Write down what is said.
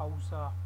causar